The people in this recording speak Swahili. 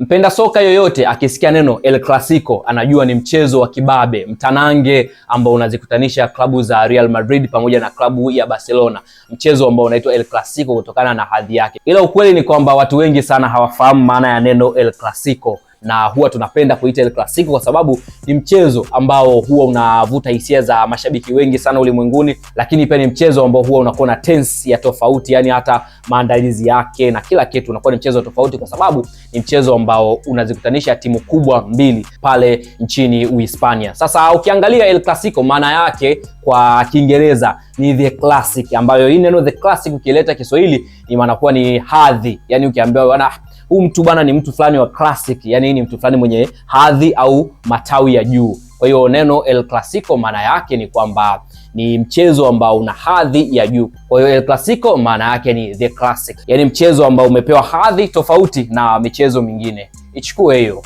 Mpenda soka yoyote akisikia neno El Clasico anajua ni mchezo wa kibabe mtanange ambao unazikutanisha klabu za Real Madrid pamoja na klabu ya Barcelona, mchezo ambao unaitwa El Clasico kutokana na hadhi yake. Ila ukweli ni kwamba watu wengi sana hawafahamu maana ya neno El Clasico na huwa tunapenda kuita El Clasico kwa sababu ni mchezo ambao huwa unavuta hisia za mashabiki wengi sana ulimwenguni, lakini pia ni mchezo ambao huwa unakuwa na tense ya tofauti, yani hata maandalizi yake na kila kitu unakuwa ni mchezo tofauti, kwa sababu ni mchezo ambao unazikutanisha timu kubwa mbili pale nchini Uhispania. Sasa ukiangalia El Clasico maana yake kwa Kiingereza ni the classic, ambayo hii neno the classic ukileta Kiswahili ni maana kuwa ni hadhi, yani ukiambiwa huu mtu bwana ni mtu fulani wa classic, yani ni mtu fulani mwenye hadhi au matawi ya juu. Kwa hiyo neno El Clasico maana yake ni kwamba ni mchezo ambao una hadhi ya juu. Kwa hiyo El Clasico maana yake ni the classic, yani mchezo ambao umepewa hadhi tofauti na michezo mingine. Ichukue hiyo.